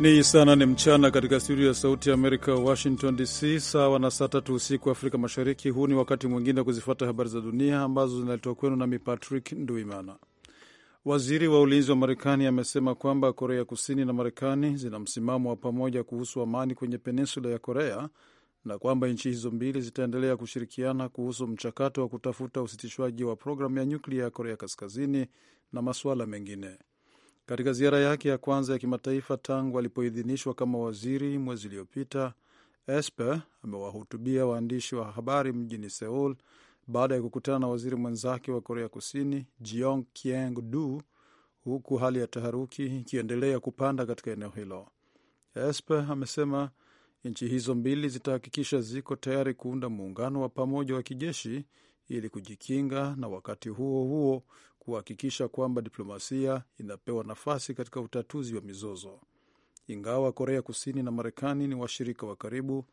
Ni saa nane mchana katika studio ya Sauti ya Amerika, Washington DC, sawa na saa tatu usiku Afrika Mashariki. Huu ni wakati mwingine wa kuzifuata habari za dunia ambazo zinaletwa kwenu nami Patrick Nduimana. Waziri wa ulinzi wa Marekani amesema kwamba Korea Kusini na Marekani zina msimamo wa pamoja kuhusu amani kwenye peninsula ya Korea na kwamba nchi hizo mbili zitaendelea kushirikiana kuhusu mchakato wa kutafuta usitishwaji wa programu ya nyuklia ya Korea Kaskazini na masuala mengine. Katika ziara yake ya kwanza ya kimataifa tangu alipoidhinishwa kama waziri mwezi uliopita, Esper amewahutubia waandishi wa habari mjini Seul baada ya kukutana na waziri mwenzake wa Korea Kusini Jiong kieng Du, huku hali ya taharuki ikiendelea kupanda katika eneo hilo. Esper amesema nchi hizo mbili zitahakikisha ziko tayari kuunda muungano wa pamoja wa kijeshi ili kujikinga na wakati huo huo kuhakikisha kwamba diplomasia inapewa nafasi katika utatuzi wa mizozo. Ingawa Korea Kusini na Marekani ni washirika wa karibu,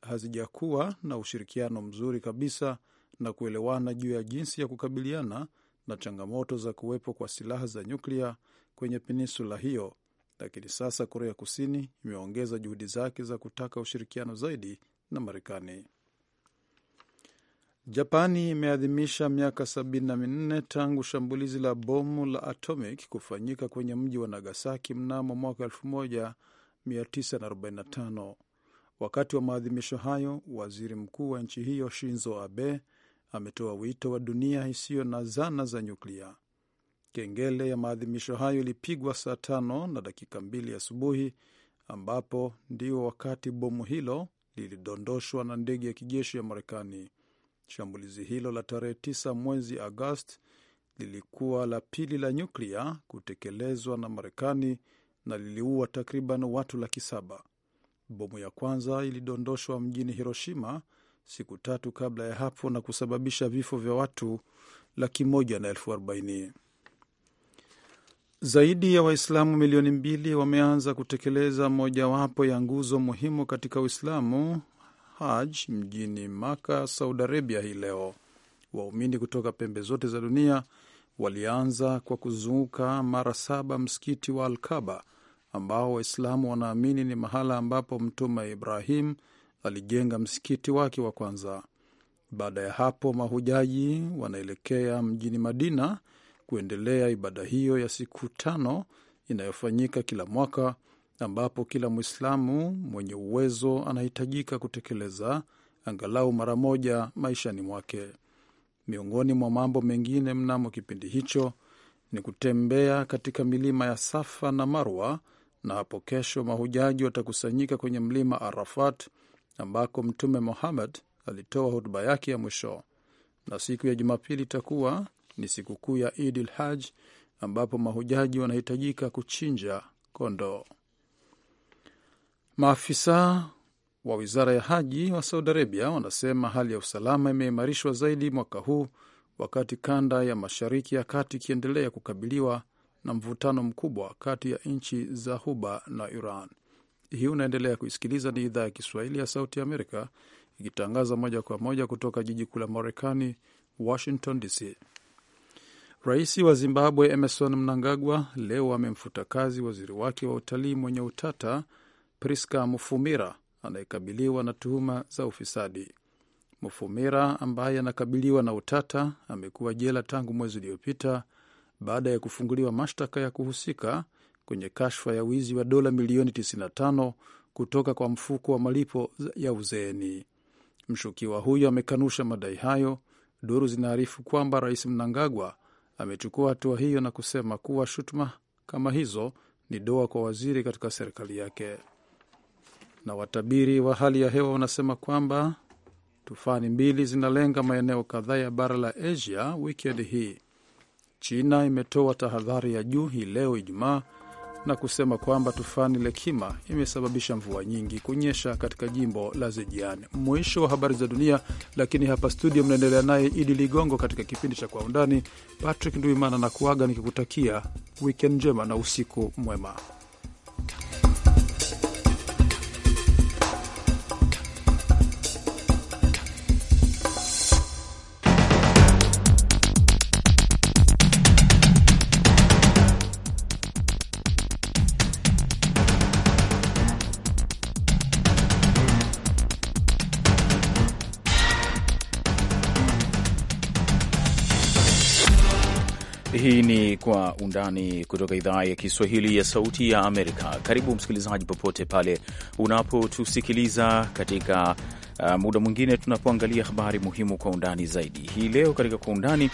hazijakuwa na ushirikiano mzuri kabisa na kuelewana juu ya jinsi ya kukabiliana na changamoto za kuwepo kwa silaha za nyuklia kwenye peninsula hiyo, lakini sasa Korea Kusini imeongeza juhudi zake za kutaka ushirikiano zaidi na Marekani. Japani imeadhimisha miaka 74 tangu shambulizi la bomu la atomic kufanyika kwenye mji wa Nagasaki mnamo mwaka 1945. Wakati wa maadhimisho hayo, waziri mkuu wa nchi hiyo Shinzo Abe ametoa wito wa dunia isiyo na zana za nyuklia. Kengele ya maadhimisho hayo ilipigwa saa tano na dakika mbili asubuhi, ambapo ndio wakati bomu hilo lilidondoshwa na ndege ya kijeshi ya Marekani. Shambulizi hilo la tarehe 9 mwezi Agosti lilikuwa la pili la nyuklia kutekelezwa na Marekani na liliua takriban watu laki saba. Bomu ya kwanza ilidondoshwa mjini Hiroshima siku tatu kabla ya hapo na kusababisha vifo vya watu laki moja na elfu arobaini. Zaidi ya Waislamu milioni mbili wameanza kutekeleza mojawapo ya nguzo muhimu katika Uislamu, Hajj mjini Maka, Saudi Arabia hii leo. Waumini kutoka pembe zote za dunia walianza kwa kuzunguka mara saba msikiti wa Alkaba ambao Waislamu wanaamini ni mahala ambapo Mtume Ibrahim alijenga msikiti wake wa kwanza. Baada ya hapo, mahujaji wanaelekea mjini Madina kuendelea ibada hiyo ya siku tano inayofanyika kila mwaka ambapo kila Mwislamu mwenye uwezo anahitajika kutekeleza angalau mara moja maishani mwake. Miongoni mwa mambo mengine mnamo kipindi hicho ni kutembea katika milima ya Safa na Marwa, na hapo kesho mahujaji watakusanyika kwenye mlima Arafat ambako Mtume Muhammad alitoa hutuba yake ya mwisho, na siku ya Jumapili itakuwa ni sikukuu ya Idil Haj ambapo mahujaji wanahitajika kuchinja kondoo. Maafisa wa wizara ya Haji wa Saudi Arabia wanasema hali ya usalama imeimarishwa zaidi mwaka huu wakati kanda ya Mashariki ya Kati ikiendelea kukabiliwa na mvutano mkubwa kati ya nchi za Huba na Iran. Hii unaendelea kuisikiliza, ni idhaa ya Kiswahili ya Sauti ya Amerika ikitangaza moja kwa moja kutoka jiji kuu la Marekani, Washington DC. Rais wa Zimbabwe Emerson Mnangagwa leo amemfuta kazi waziri wake wa utalii mwenye utata Priska Mufumira anayekabiliwa na tuhuma za ufisadi. Mufumira ambaye anakabiliwa na utata amekuwa jela tangu mwezi uliopita baada ya kufunguliwa mashtaka ya kuhusika kwenye kashfa ya wizi wa dola milioni 95 kutoka kwa mfuko wa malipo ya uzeeni. Mshukiwa huyo amekanusha madai hayo. Duru zinaarifu kwamba Rais Mnangagwa amechukua hatua hiyo na kusema kuwa shutuma kama hizo ni doa kwa waziri katika serikali yake na watabiri wa hali ya hewa wanasema kwamba tufani mbili zinalenga maeneo kadhaa ya bara la Asia wikendi hii. China imetoa tahadhari ya juu hii leo Ijumaa na kusema kwamba tufani Lekima imesababisha mvua nyingi kunyesha katika jimbo la Zhejiang. Mwisho wa habari za dunia, lakini hapa studio mnaendelea naye Idi Ligongo katika kipindi cha Kwa Undani. Patrick Nduimana na kuaga nikikutakia wikend njema na usiku mwema. Kwa Undani kutoka idhaa ya Kiswahili ya Sauti ya Amerika. Karibu msikilizaji, popote pale unapotusikiliza katika uh, muda mwingine tunapoangalia habari muhimu kwa undani zaidi. Hii leo katika Kwa Undani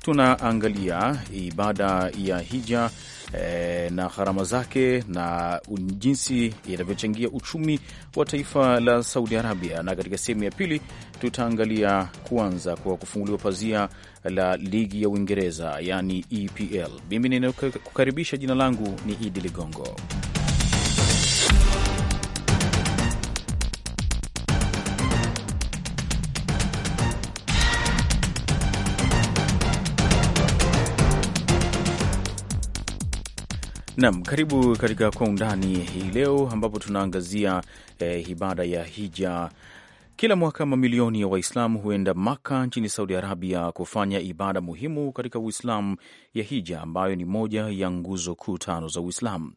tunaangalia ibada ya hija Eh, na gharama zake na jinsi inavyochangia uchumi wa taifa la Saudi Arabia. Na katika sehemu ya pili tutaangalia kuanza kwa kufunguliwa pazia la ligi ya Uingereza, yani EPL. Mimi ninakukaribisha, jina langu ni Idi Ligongo. Nam, karibu katika Kwa Undani hii leo ambapo tunaangazia eh, ibada ya hija. Kila mwaka mamilioni ya Waislamu huenda Maka nchini Saudi Arabia kufanya ibada muhimu katika Uislamu ya hija, ambayo ni moja ya nguzo kuu tano za Uislamu.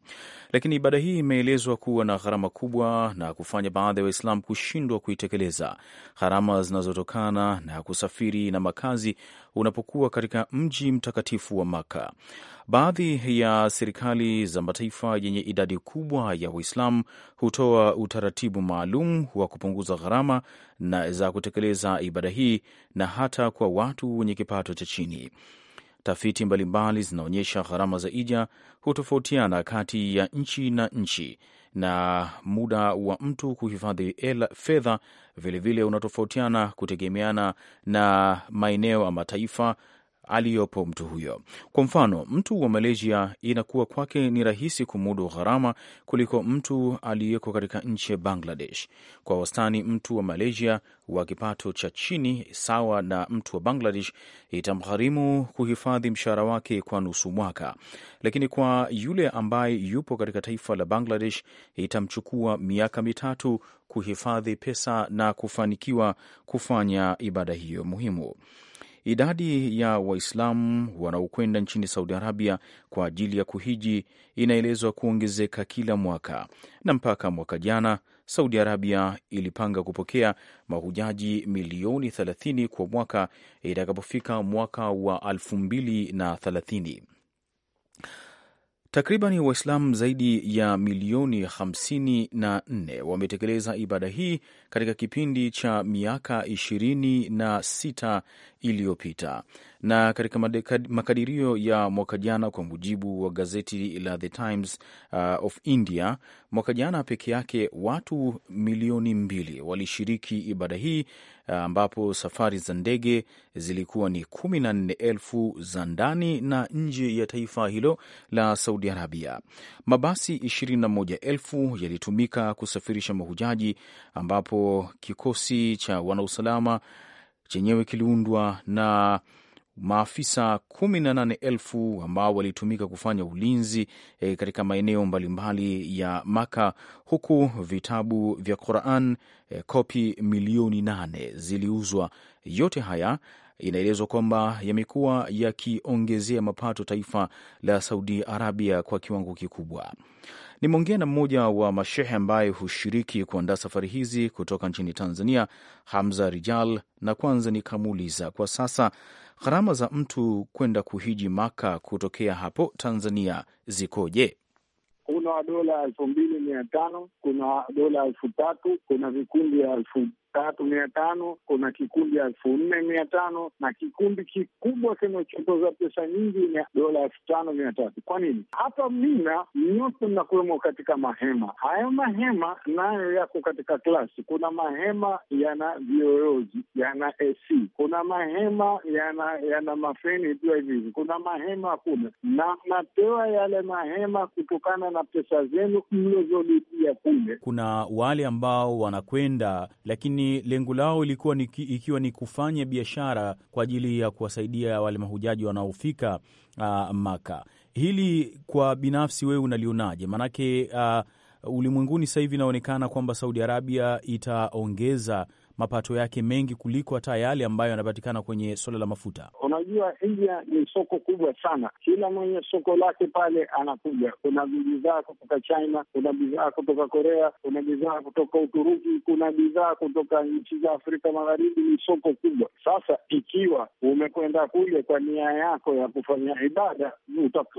Lakini ibada hii imeelezwa kuwa na gharama kubwa na kufanya baadhi ya Waislamu kushindwa kuitekeleza, gharama zinazotokana na kusafiri na makazi unapokuwa katika mji mtakatifu wa Maka. Baadhi ya serikali za mataifa yenye idadi kubwa ya Waislamu hutoa utaratibu maalum wa kupunguza gharama na za kutekeleza ibada hii na hata kwa watu wenye kipato cha chini. Tafiti mbalimbali zinaonyesha gharama za ija hutofautiana kati ya nchi na nchi na muda wa mtu kuhifadhi fedha vilevile unatofautiana kutegemeana na maeneo ama taifa aliyopo mtu huyo. Kwa mfano, mtu wa Malaysia inakuwa kwake ni rahisi kumudu gharama kuliko mtu aliyeko katika nchi ya Bangladesh. Kwa wastani, mtu wa Malaysia wa kipato cha chini sawa na mtu wa Bangladesh itamgharimu kuhifadhi mshahara wake kwa nusu mwaka, lakini kwa yule ambaye yupo katika taifa la Bangladesh itamchukua miaka mitatu kuhifadhi pesa na kufanikiwa kufanya ibada hiyo muhimu. Idadi ya Waislamu wanaokwenda nchini Saudi Arabia kwa ajili ya kuhiji inaelezwa kuongezeka kila mwaka, na mpaka mwaka jana Saudi Arabia ilipanga kupokea mahujaji milioni 30 kwa mwaka itakapofika mwaka wa 2030. Takriban Waislamu zaidi ya milioni 54 wametekeleza ibada hii katika kipindi cha miaka 26 iliyopita. Na katika makadirio ya mwaka jana, kwa mujibu wa gazeti la The Times uh, of India, mwaka jana peke yake watu milioni mbili walishiriki ibada hii uh, ambapo uh, safari za ndege zilikuwa ni kumi na nne elfu za ndani na nje ya taifa hilo la Saudi Arabia. Mabasi ishirini na moja elfu yalitumika kusafirisha mahujaji, ambapo kikosi cha wanausalama chenyewe kiliundwa na maafisa kumi na elfu ambao walitumika kufanya ulinzi e, katika maeneo mbalimbali ya Maka, huku vitabu vya Quran e, kopi milioni nane ziliuzwa. Yote haya inaelezwa kwamba yamekuwa yakiongezea mapato taifa la Saudi Arabia kwa kiwango kikubwa. Nimeongea na mmoja wa mashehe ambaye hushiriki kuandaa safari hizi kutoka nchini Tanzania, Hamza Rijal, na kwanza nikamuuliza kwa sasa Gharama za mtu kwenda kuhiji Maka kutokea hapo Tanzania zikoje? Kuna dola elfu mbili mia tano kuna dola elfu tatu kuna vikundi ya elfu tatu mia tano kuna kikundi elfu nne mia tano na kikundi kikubwa kinachotoza pesa nyingi ni dola elfu tano mia tatu Kwa nini hapa Mina nyote mnakuwemo katika mahema haya Mahema nayo yako katika klasi. Kuna mahema yana vioyozi yana AC, kuna mahema yana yana mafeni ikiwa hivi hivi, kuna mahema hakuna, na napewa yale mahema kutokana na pesa zenu mlizolipia kule. Kuna wale ambao wanakwenda lakini lakini lengo lao ilikuwa ni, ikiwa ni kufanya biashara kwa ajili ya kuwasaidia wale mahujaji wanaofika uh, Maka. Hili kwa binafsi wewe unalionaje? Maanake uh, ah, ulimwenguni sasa hivi inaonekana kwamba Saudi Arabia itaongeza mapato yake mengi kuliko hata yale ambayo yanapatikana kwenye suala la mafuta. Unajua, India ni soko kubwa sana, kila mwenye soko lake pale anakuja. Kuna bidhaa kutoka China, kuna bidhaa kutoka Korea, kuna bidhaa kutoka Uturuki, kuna bidhaa kutoka nchi za Afrika Magharibi. Ni soko kubwa. Sasa ikiwa umekwenda kule kwa nia yako ya kufanya ibada,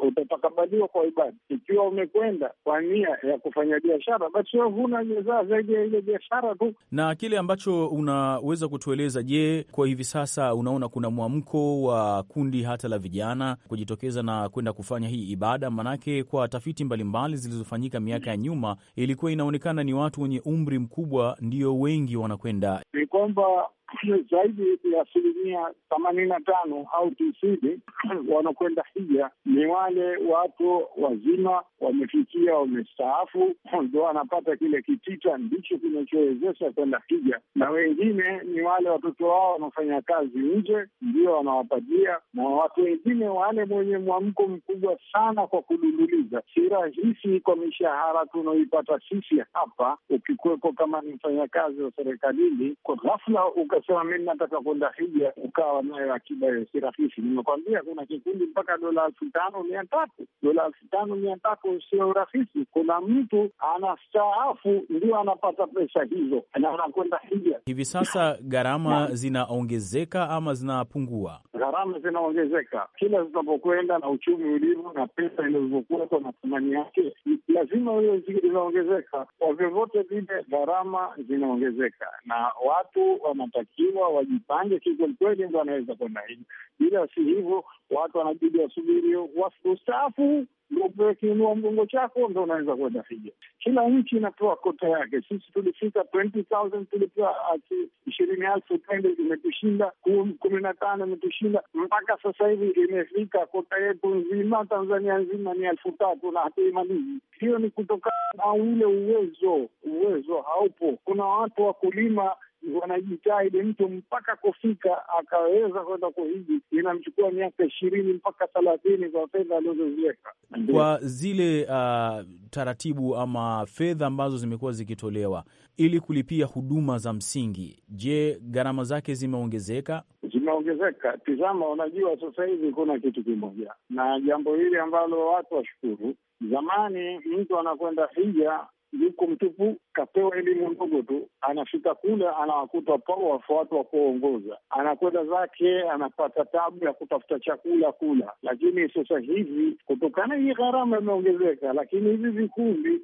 utatakabaliwa kwa ibada. Ikiwa umekwenda kwa nia ya kufanya biashara, basi wavuna bidhaa zaidi ya ile biashara tu, na kile ambacho unaweza kutueleza, je, kwa hivi sasa unaona kuna mwamko wa kundi hata la vijana kujitokeza na kwenda kufanya hii ibada? Manake kwa tafiti mbalimbali zilizofanyika miaka ya nyuma ilikuwa inaonekana ni watu wenye umri mkubwa ndio wengi wanakwenda. Ni kwamba zaidi ya asilimia themanini na tano au tisini wanakwenda hija ni wale watu wazima wamefikia wamestaafu, ndo wanapata kile kitita ndicho kinachowezesha kwenda hija, na wengine ni wale watoto wao wanaofanya kazi nje ndio wanawapatia, na watu wengine wale mwenye mwamko mkubwa sana kwa kudunduliza. Si rahisi kwa mishahara tunaoipata sisi hapa, ukikuwepo kama ni mfanyakazi wa serikalini, kwa ghafla uka aliposema mi nataka kwenda hija, ukawa nayo akiba si rahisi. Nimekwambia kuna kikundi mpaka dola elfu tano mia tatu dola elfu tano mia tatu sio rahisi. Kuna mtu anastaafu ndio anapata pesa hizo na anakwenda hija. Hivi sasa gharama zinaongezeka ama zinapungua? Gharama zinaongezeka kila zinapokwenda na uchumi ulivyo na pesa ilivyokuwepo na thamani yake, lazima hiyo zinaongezeka. Kwa vyovyote vile, gharama zinaongezeka na watu wanata wanatakiwa wajipange kikwelikweli, ndo anaweza kwenda hivo. ila si hivyo, watu wanabidi wasubiri wastaafu ndo upewe kiinua mgongo chako, ndo unaweza kwenda hija. Kila nchi inatoa kota yake. Sisi tulifika tulipewa ishirini elfu tende imetushinda, kumi na tano imetushinda, mpaka sasa hivi imefika kota yetu nzima, Tanzania nzima ni elfu tatu na hatuimalizi. Hiyo ni kutokana na ule uwezo, uwezo haupo. Kuna watu wakulima wanajitahidi mtu mpaka kufika akaweza kwenda kuhiji, inamchukua miaka ishirini mpaka thelathini kwa fedha alizoziweka kwa zile uh, taratibu ama fedha ambazo zimekuwa zikitolewa ili kulipia huduma za msingi. Je, gharama zake zimeongezeka? Zimeongezeka. Tizama, unajua sasa hivi kuna kitu kimoja na jambo hili ambalo watu washukuru. Zamani mtu anakwenda hija yuko mtupu, kapewa elimu ndogo tu. Anafika kule anawakuta pao wafuatu wa kuongoza, anakwenda zake, anapata tabu ya kutafuta chakula kula. Lakini sasa hivi kutokana hii gharama imeongezeka, lakini hivi vikundi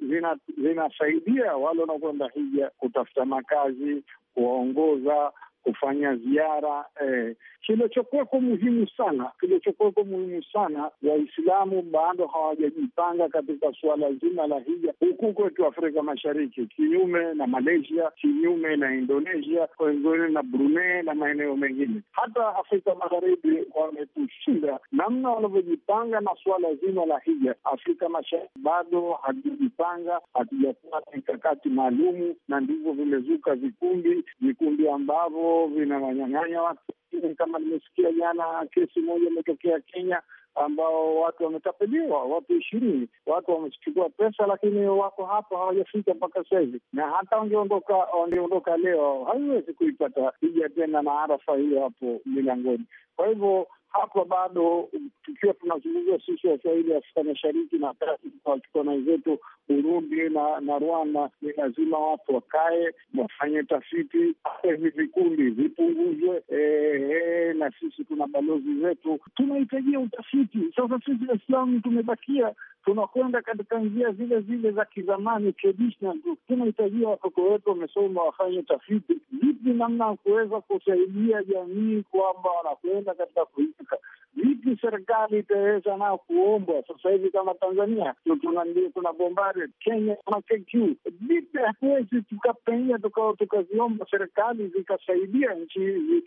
vinasaidia wale wanaokwenda hija kutafuta makazi, kuwaongoza kufanya ziara eh. Kilichokuweko muhimu sana, kilichokuweko muhimu sana, Waislamu bado hawajajipanga katika suala zima la hija huku kwetu Afrika Mashariki, kinyume na Malaysia, kinyume na Indonesia, kwengine na Brunei na maeneo mengine. Hata Afrika Magharibi wametushinda namna wanavyojipanga na suala zima la hija. Afrika Mashariki bado hatujipanga, hatujakuwa na mikakati maalumu, na ndivyo vimezuka vikundi, vikundi ambavyo vinawanyanganyaa watu lakini kama nimesikia jana, kesi moja imetokea Kenya ambao watu wametapeliwa, watu ishirini, watu wamechukua pesa, lakini wako hapo hawajafika mpaka sahizi na hata wangeondoka wangeondoka leo, haiwezi kuipata hija tena na arafa hiyo hapo milangoni. Kwa hivyo hapa bado tukiwa tunazungumzia sisi Waswahili Afrika Mashariki na kati wachukana wenzetu Burundi na na Rwanda, ni lazima watu wakae wafanye tafiti, hata hivi vikundi vipunguzwe. Eh, sherehe, na sisi tuna balozi zetu, tunahitajia utafiti. Sasa sisi Waislamu tumebakia tunakwenda katika njia zile zile za kizamani traditional. Tunahitajia watoto wetu wamesoma, wafanye utafiti, vipi namna ya kuweza kusaidia jamii kwamba wanakwenda katika kuika vipi serikali itaweza nao kuombwa sasa hivi kama Tanzania tuna bombari Kenya na KQ, vipi hatuwezi tukapenya tukaziomba serikali zikasaidia nchi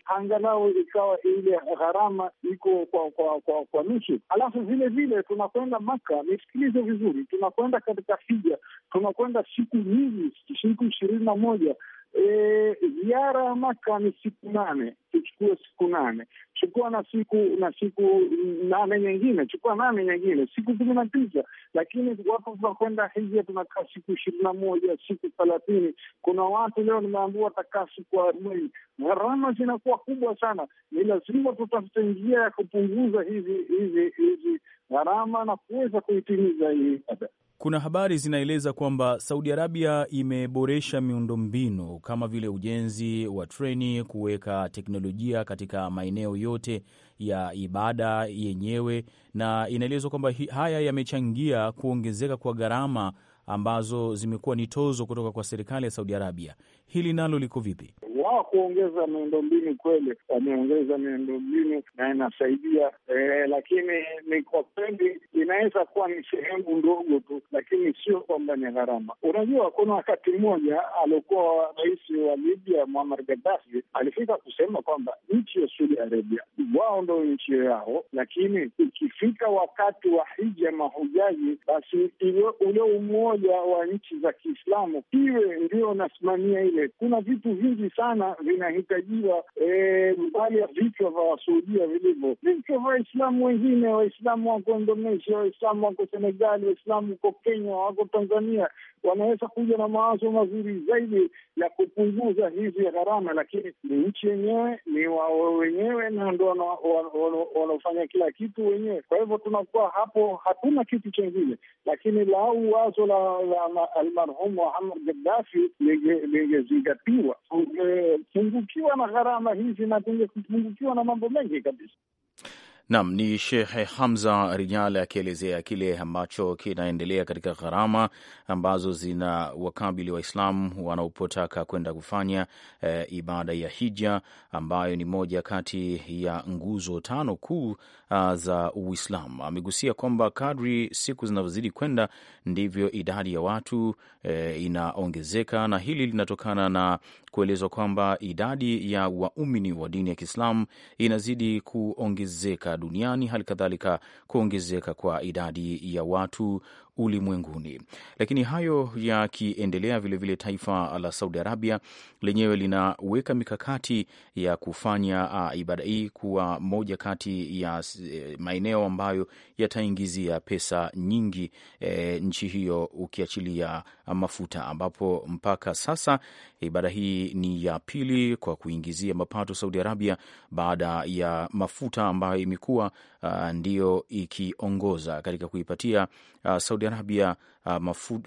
angalau ikawa ile gharama iko kwa kwa kwa kwa nusu. Alafu vile vile tunakwenda Maka, nisikilize vizuri, tunakwenda katika hija, tunakwenda siku nyingi, siku ishirini na moja E, ziara e, ya Maka ni siku nane, tuchukue siku nane, chukua na siku na siku nane nyingine, chukua nane nyingine, siku kumi na tisa. Lakini watu tunakwenda hija, tunakaa siku ishirini na moja siku thelathini. Kuna watu leo nimeambiwa watakaa siku arobaini. Gharama zinakuwa kubwa sana, ni lazima tutafute njia ya kupunguza hizi hizi hizi gharama na kuweza kuitimiza hii ibada. Kuna habari zinaeleza kwamba Saudi Arabia imeboresha miundombinu kama vile ujenzi wa treni, kuweka teknolojia katika maeneo yote ya ibada yenyewe, na inaelezwa kwamba haya yamechangia kuongezeka kwa gharama ambazo zimekuwa ni tozo kutoka kwa serikali ya Saudi Arabia hili nalo liko vipi? Wao kuongeza miundombinu kweli, wameongeza miundombinu na inasaidia e, lakini ni kwa kweli inaweza kuwa ni sehemu ndogo tu, lakini sio kwamba ni gharama. Unajua, kuna wakati mmoja aliokuwa rais wa Libya Muammar Gaddafi alifika kusema kwamba nchi ya Saudi Arabia wao ndo nchi yao, lakini ikifika wakati wa hija mahujaji, basi ule umoja wa nchi za Kiislamu iwe ndio unasimamia ile eh, kuna vitu vingi sana vinahitajiwa eh, mbali ya vichwa vya wasuudia vilivyo, vichwa vya waislamu wengine, waislamu wako Indonesia, waislamu wako Senegali, waislamu wako Kenya, wako Tanzania, wanaweza kuja na mawazo mazuri zaidi ya kupunguza hizi gharama, lakini ni nchi yenyewe, ni wao wenyewe, na ndo wanaofanya kila kitu wenyewe. Kwa hivyo tunakuwa hapo, hatuna kitu chengine, lakini lau wazo la almarhumu Muammar Gaddafi linge ungezingatiwa, ungepungukiwa na gharama hizi na tungepungukiwa na mambo mengi kabisa. Nam ni Shekhe Hamza Rijala akielezea kile ambacho kinaendelea katika gharama ambazo zina wakabili Waislamu wanaopotaka kwenda kufanya e, ibada ya hija ambayo ni moja kati ya nguzo tano kuu ah, za Uislamu. Amegusia kwamba kadri siku zinavyozidi kwenda ndivyo idadi ya watu e, inaongezeka, na hili linatokana na kuelezwa kwamba idadi ya waumini wa dini ya Kiislamu inazidi kuongezeka duniani, hali kadhalika kuongezeka kwa idadi ya watu ulimwenguni. Lakini hayo yakiendelea, vilevile taifa la Saudi Arabia lenyewe linaweka mikakati ya kufanya uh, ibada hii kuwa moja kati ya e, maeneo ambayo yataingizia pesa nyingi e, nchi hiyo ukiachilia mafuta, ambapo mpaka sasa ibada hii ni ya pili kwa kuingizia mapato Saudi Arabia baada ya mafuta ambayo imekuwa uh, ndiyo ikiongoza katika kuipatia uh, Saudi Arabia uh, mafu, uh,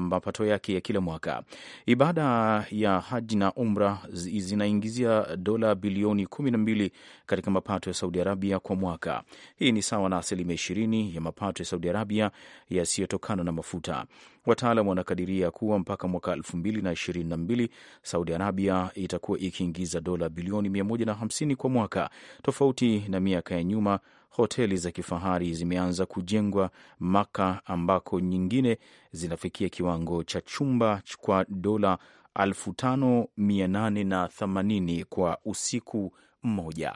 mapato yake ya kila mwaka. Ibada ya haji na umra zinaingizia dola bilioni kumi na mbili katika mapato ya Saudi Arabia kwa mwaka. Hii ni sawa na asilimia ishirini ya mapato ya Saudi Arabia yasiyotokana na mafuta. Wataalam wanakadiria kuwa mpaka mwaka elfu mbili na ishirini na mbili Saudi Arabia itakuwa ikiingiza dola bilioni mia moja na hamsini kwa mwaka, tofauti na miaka ya nyuma hoteli za kifahari zimeanza kujengwa Maka, ambako nyingine zinafikia kiwango cha chumba kwa dola 5880 kwa usiku mmoja.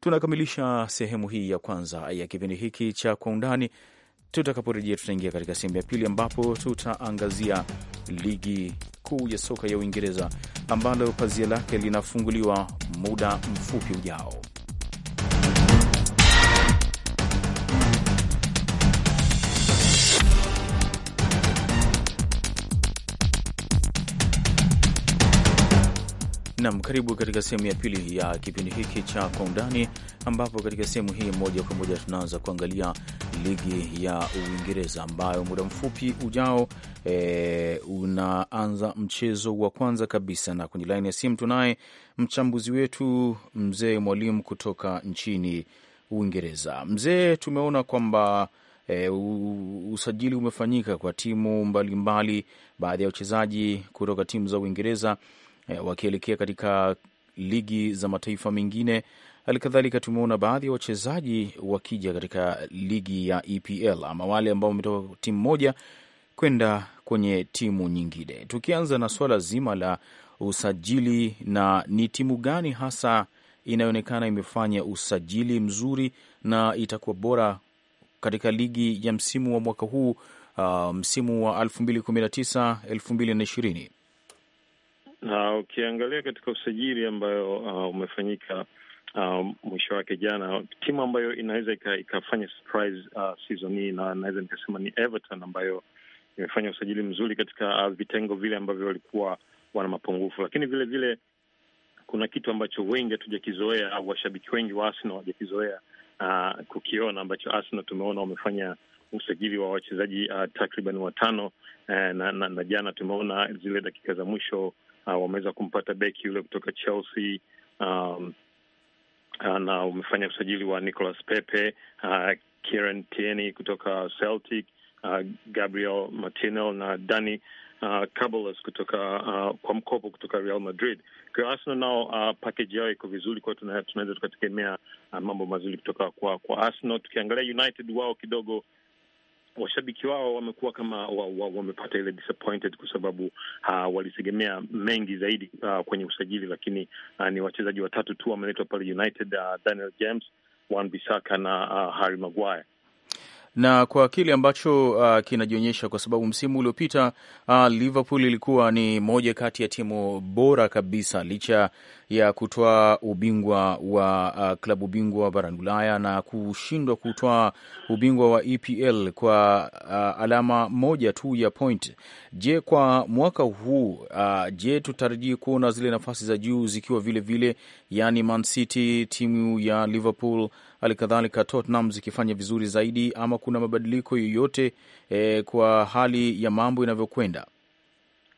Tunakamilisha sehemu hii ya kwanza ya kipindi hiki cha Kwa Undani. Tutakaporejea tutaingia katika sehemu ya pili ambapo tutaangazia ligi kuu ya soka ya Uingereza ambalo pazia lake linafunguliwa muda mfupi ujao. Nam, karibu katika sehemu ya pili ya kipindi hiki cha Kwa Undani, ambapo katika sehemu hii moja kwa moja tunaanza kuangalia ligi ya Uingereza ambayo muda mfupi ujao e, unaanza mchezo wa kwanza kabisa, na kwenye laini ya simu tunaye mchambuzi wetu mzee Mwalimu kutoka nchini Uingereza. Mzee, tumeona kwamba E, usajili umefanyika kwa timu mbalimbali, baadhi ya wachezaji kutoka timu za Uingereza Eh, wakielekea katika ligi za mataifa mengine. Halikadhalika tumeona baadhi ya wachezaji wakija katika ligi ya EPL ama wale ambao wametoka timu moja kwenda kwenye timu nyingine. Tukianza na swala zima la usajili, na ni timu gani hasa inayoonekana imefanya usajili mzuri na itakuwa bora katika ligi ya msimu wa mwaka huu, uh, msimu wa 2019 na ukiangalia katika usajili ambayo uh, umefanyika um, mwisho wake jana, timu ambayo inaweza ikafanya surprise uh, season hii na naweza nikasema ni Everton ambayo imefanya usajili mzuri katika uh, vitengo vile ambavyo walikuwa wana mapungufu, lakini vile vile kuna kitu ambacho wengi hatujakizoea au washabiki wengi wa Arsenal hawajakizoea uh, kukiona ambacho Arsenal tumeona wamefanya usajili wa wachezaji uh, takriban watano uh, na, na, na jana tumeona zile dakika za mwisho uh, wameweza kumpata beki yule kutoka Chelsea um, ah, na umefanya usajili wa Nicolas Pepe uh, Kieran Tierney kutoka Celtic uh, Gabriel Martinel na Dani uh, kutoka uh, kwa mkopo kutoka Real Madrid. Kwa Arsenal nao uh, package yao iko vizuri, kwa tunaweza tukategemea uh, mambo mazuri kutoka kwa kwa Arsenal. Tukiangalia United wao kidogo washabiki wao wamekuwa kama wamepata ile disappointed kwa sababu uh, walitegemea mengi zaidi uh, kwenye usajili, lakini uh, ni wachezaji watatu tu wameletwa pale United, uh, Daniel James, Wan Bissaka na uh, Harry Maguire na kwa kile ambacho uh, kinajionyesha, kwa sababu msimu uliopita uh, Liverpool ilikuwa ni moja kati ya timu bora kabisa licha ya kutoa ubingwa wa uh, klabu bingwa barani Ulaya na kushindwa kutoa ubingwa wa EPL kwa uh, alama moja tu ya point. Je, kwa mwaka huu uh, je, tutarajii kuona zile nafasi za juu zikiwa vilevile, yaani Man City, timu ya Liverpool hali kadhalika Tottenham zikifanya vizuri zaidi, ama kuna mabadiliko yoyote e, kwa hali ya mambo inavyokwenda?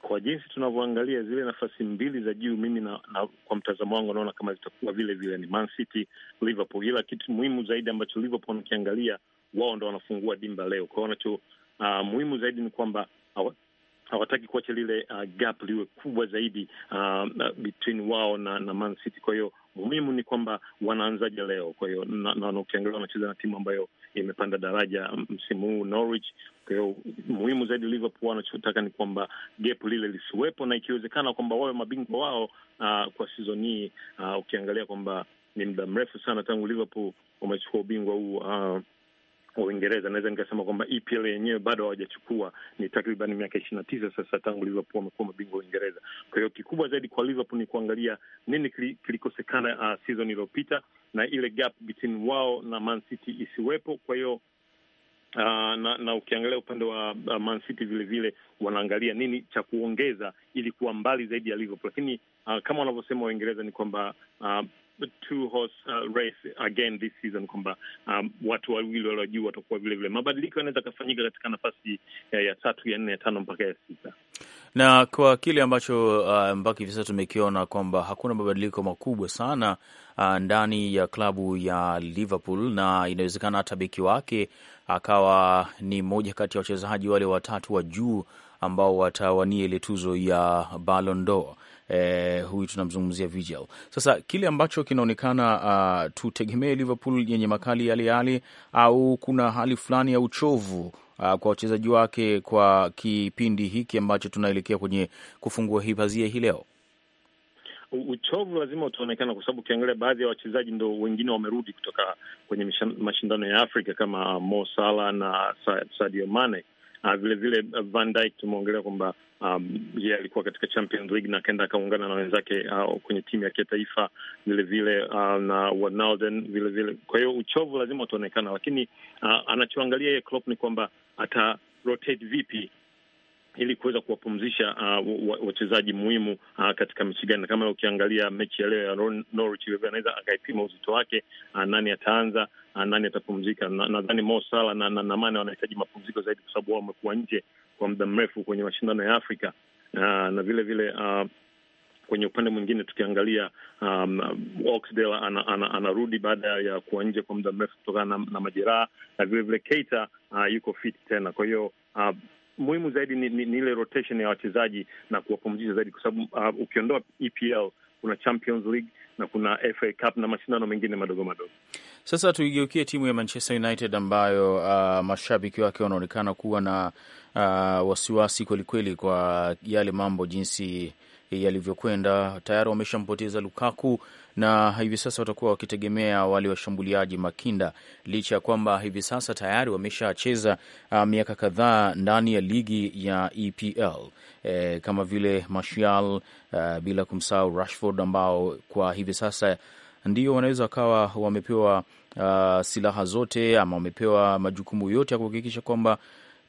Kwa jinsi tunavyoangalia zile nafasi mbili za juu, mimi na, na kwa mtazamo wangu naona kama zitakuwa vile vile ni Man City, Liverpool, ila kitu muhimu zaidi ambacho Liverpool wanakiangalia, wao ndo wanafungua dimba leo kwao, wanacho uh, muhimu zaidi ni kwamba hawataki kuacha lile uh, gap liwe kubwa zaidi uh, between wao na, na Man City. Kwa hiyo muhimu ni kwamba wanaanzaje leo. Kwa hiyo naona ukiangalia wanacheza na timu ambayo imepanda daraja msimu huu Norwich. Kwa hiyo muhimu zaidi Liverpool wanachotaka ni kwamba gap lile lisiwepo, na ikiwezekana kwamba wawe mabingwa wao uh, kwa sizon hii uh, ukiangalia kwamba ni muda mrefu sana tangu Liverpool wamechukua ubingwa huu uh, Uingereza. Naweza nikasema kwamba EPL yenyewe bado hawajachukua, ni takriban miaka ishirini na tisa sasa tangu Liverpool wamekuwa mabingwa Uingereza. Kwa hiyo kikubwa zaidi kwa Liverpool ni kuangalia nini kilikosekana uh, season iliyopita na ile gap between wao na Man City isiwepo. Kwa hiyo uh, na, na ukiangalia upande wa uh, Man City vile vile wanaangalia nini cha kuongeza ili kuwa mbali zaidi ya Liverpool, lakini uh, kama wanavyosema Waingereza ni kwamba uh, two horse uh, race again this season kwamba um, watu wawili wale wajuu watakuwa vilevile. Mabadiliko yanaweza akafanyika katika nafasi ya, ya tatu ya nne ya tano mpaka ya sita na kwa kile ambacho uh, mpaka hivi sasa tumekiona kwamba hakuna mabadiliko makubwa sana uh, ndani ya klabu ya Liverpool, na inawezekana hata beki wake akawa ni mmoja kati ya wachezaji wale watatu wa juu ambao watawania ile tuzo ya Ballon d'Or eh, huyu tunamzungumzia Vigil. Sasa kile ambacho kinaonekana, uh, tutegemee Liverpool yenye makali yale yale, au kuna hali fulani ya uchovu uh, kwa wachezaji wake kwa kipindi hiki ambacho tunaelekea kwenye kufungua hii pazia hii leo? Uchovu lazima utaonekana, kwa sababu ukiangalia baadhi ya wachezaji ndo wengine wamerudi kutoka kwenye mashindano ya Afrika kama Mo Salah na Sadio Mane Vilevile ah, uh, vile Van Dijk tumeongelea kwamba um, yeye alikuwa katika Champions League na akaenda akaungana na wenzake uh, kwenye timu ya kitaifa vilevile uh, na Wijnaldum vilevile. Kwa hiyo uchovu lazima utaonekana, lakini uh, anachoangalia yeye Klopp ni kwamba ata rotate vipi ili kuweza kuwapumzisha uh, wachezaji muhimu uh, katika mechi gani. Na kama ukiangalia mechi ya leo ya Norwich, anaweza akaipima uzito wake uh, nani ataanza nani atapumzika. Nadhani Mo Salah na, na, na Mane wanahitaji mapumziko zaidi, kwa sababu wao wamekuwa nje kwa muda mrefu kwenye mashindano ya Afrika na, na vile vile uh, kwenye upande mwingine tukiangalia um, Oxdale ana, ana, anarudi baada ya kuwa nje kwa muda mrefu kutokana na, na majeraha na vilevile Keita uh, yuko fit tena, kwa hiyo uh, muhimu zaidi ni, ni, ni ile rotation ya wachezaji na kuwapumzisha zaidi, kwa sababu uh, ukiondoa EPL kuna Champions League na kuna FA Cup na mashindano mengine madogo madogo. Sasa tuigeukie timu ya Manchester United ambayo uh, mashabiki wake wanaonekana kuwa na uh, wasiwasi kwelikweli kwa yale mambo jinsi yalivyokwenda. Tayari wameshampoteza Lukaku na hivi sasa watakuwa wakitegemea wale washambuliaji makinda, licha ya kwamba hivi sasa tayari wameshacheza uh, miaka kadhaa ndani ya ligi ya EPL e, eh, kama vile Martial uh, bila kumsahau Rashford ambao kwa hivi sasa ndio wanaweza wakawa wamepewa uh, silaha zote ama wamepewa majukumu yote ya kuhakikisha kwamba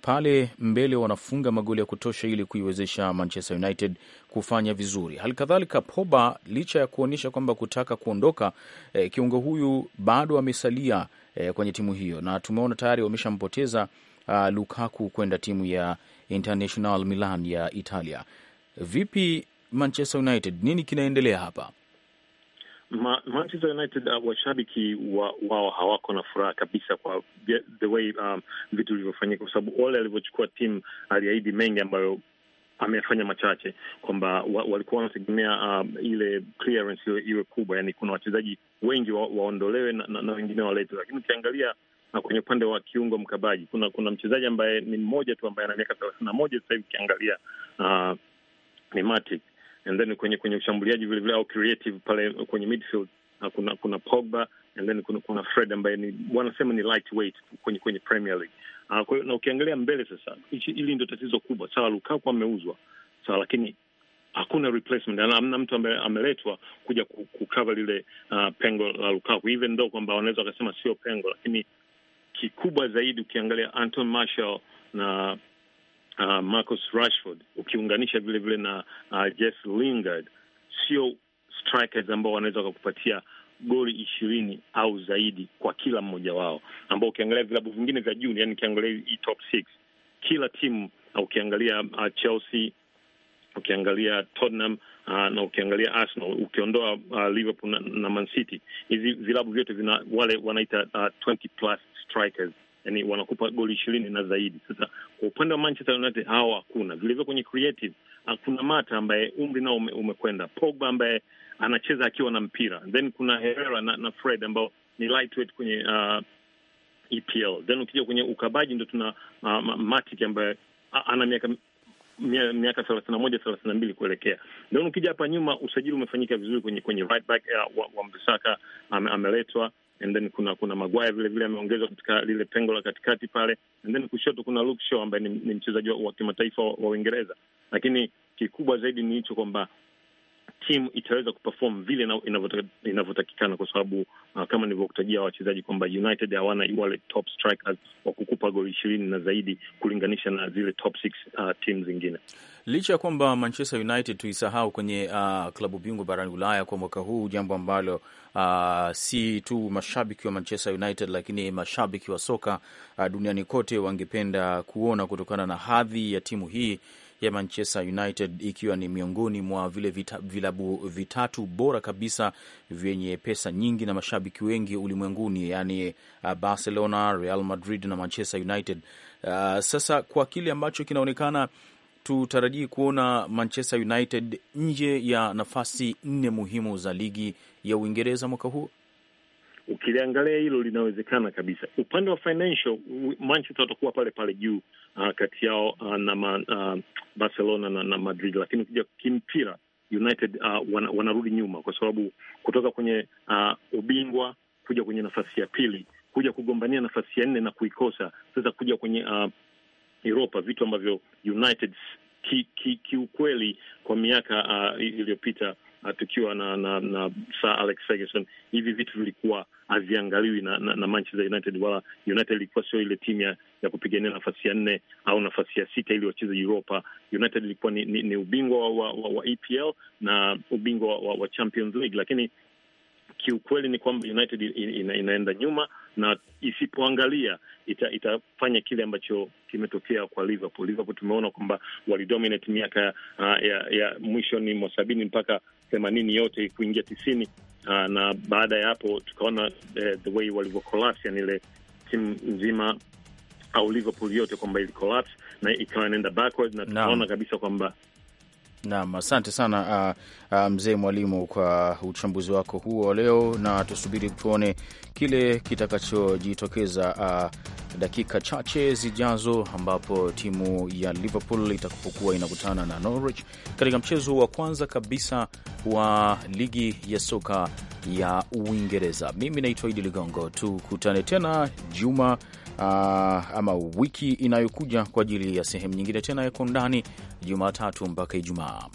pale mbele wanafunga magoli ya kutosha ili kuiwezesha Manchester United kufanya vizuri. hali kadhalika Pogba licha ya kuonyesha kwamba kutaka kuondoka, eh, kiungo huyu bado amesalia eh, kwenye timu hiyo, na tumeona tayari wameshampoteza uh, Lukaku kwenda timu ya International Milan ya Italia. Vipi Manchester United, nini kinaendelea hapa? Ma, Manchester United uh, washabiki wao wa, hawako na furaha kabisa kwa the way um, vitu vilivyofanyika, kwa sababu Ole alivyochukua timu uh, aliahidi mengi ambayo amefanya machache, kwamba walikuwa wanategemea um, ile clearance iwe kubwa, yani kuna wachezaji wengi wa, waondolewe na, na, na wengine waletwe, lakini ukiangalia na kwenye upande wa kiungo mkabaji kuna kuna mchezaji ambaye ni mmoja tu ambaye ana miaka thelathini na moja sasa hivi ukiangalia uh, ni Matic and then kwenye kwenye ushambuliaji vile vile au creative pale kwenye midfield kuna kuna Pogba and then kuna, kuna Fred ambaye ni wanasema ni lightweight kwenye kwenye Premier League. Uh, kwa, na ukiangalia mbele sasa, hili ndio tatizo kubwa. Sawa, Lukaku ameuzwa sawa, lakini hakuna replacement, na hamna mtu ambaye ameletwa kuja kukava lile uh, pengo la Lukaku, even though kwamba wanaweza wakasema sio pengo, lakini kikubwa zaidi ukiangalia Anton Martial na Uh, Marcus Rashford ukiunganisha vile vile na uh, Jess Lingard, sio strikers ambao wanaweza wakakupatia goli ishirini au zaidi kwa kila mmoja wao, ambao ukiangalia vilabu vingine vya juu, yani ukiangalia hii top six, kila timu uh, ukiangalia uh, Chelsea ukiangalia Tottenham uh, na ukiangalia Arsenal ukiondoa uh, Liverpool na, na Man City, hizi vilabu vyote vina wale wanaita uh, 20 plus strikers yani wanakupa goli ishirini na zaidi. Sasa kwa upande wa Manchester United hawa hakuna vilevile, Kwenye creative kuna Mata ambaye umri nao ume, umekwenda, Pogba ambaye anacheza akiwa na mpira, then kuna Herrera na, na Fred ambao ni lightweight kwenye uh, EPL. Then ukija kwenye ukabaji ndo tuna uh, Matic ambaye ana miaka miaka thelathini na moja thelathini na mbili kuelekea. Then ukija hapa nyuma usajili umefanyika vizuri kwenye kwenye right back uh, wa, wa Mbisaka ame, ameletwa and then kuna kuna Maguire vile vile ameongezwa katika lile pengo la katikati pale, and then kushoto kuna Luke Shaw ambaye ni, ni mchezaji wa kimataifa wa Uingereza, lakini kikubwa zaidi ni hicho kwamba timu itaweza kuperform vile inavyotakikana kwa sababu uh, kama nilivyokutajia wachezaji kwamba United hawana wale top strikers wa kukupa goli ishirini na zaidi kulinganisha na zile top six uh, timu zingine. Licha ya kwamba Manchester United tuisahau kwenye uh, klabu bingwa barani Ulaya kwa mwaka huu, jambo ambalo uh, si tu mashabiki wa Manchester United, lakini mashabiki wa soka uh, duniani kote wangependa kuona kutokana na hadhi ya timu hii ya Manchester United ikiwa ni miongoni mwa vile vita, vilabu vitatu bora kabisa vyenye pesa nyingi na mashabiki wengi ulimwenguni, yani uh, ah, Barcelona, Real Madrid na Manchester United. Uh, sasa kwa kile ambacho kinaonekana tutarajii kuona Manchester United nje ya nafasi nne muhimu za ligi ya Uingereza mwaka huu? Ukiliangalia hilo linawezekana kabisa. Upande wa financial, Manchester watakuwa pale pale juu uh, kati yao uh, na ma, uh, Barcelona na, na Madrid, lakini ukija kimpira United uh, wana, wanarudi nyuma kwa sababu kutoka kwenye uh, ubingwa kuja kwenye nafasi ya pili kuja kugombania nafasi ya nne na kuikosa sasa kuja kwenye uh, Europa, vitu ambavyo United kiukweli ki, ki kwa miaka uh, iliyopita uh, tukiwa na, na, na Sir Alex Ferguson, hivi vitu vilikuwa haviangaliwi na, na, na Manchester United wala United ilikuwa sio ile timu ya, ya kupigania nafasi ya nne au nafasi ya sita ili wacheze Europa. United ilikuwa ni, ni, ni ubingwa wa, wa, wa EPL na ubingwa wa, wa Champions League, lakini kiukweli ni kwamba United ina, inaenda nyuma na isipoangalia ita, itafanya kile ambacho kimetokea kwa Liverpool. Liverpool tumeona kwamba walidominate miaka uh, ya, ya mwishoni mwa sabini mpaka themanini yote kuingia tisini uh, na baada ya hapo tukaona uh, the way walivyokolapse, yani ile timu nzima au Liverpool yote kwamba ilikolapse na ikawa inaenda na tukaona no. kabisa kwamba Naam, asante sana uh, uh, mzee Mwalimu kwa uchambuzi wako huo leo, na tusubiri tuone kile kitakachojitokeza uh, dakika chache zijazo, ambapo timu ya Liverpool itakapokuwa inakutana na Norwich katika mchezo wa kwanza kabisa wa ligi ya soka ya Uingereza. Mimi naitwa Idi Ligongo, tukutane tena juma uh, ama wiki inayokuja kwa ajili ya sehemu nyingine tena ya Kwa Undani. Jumatatu mpaka Ijumaa.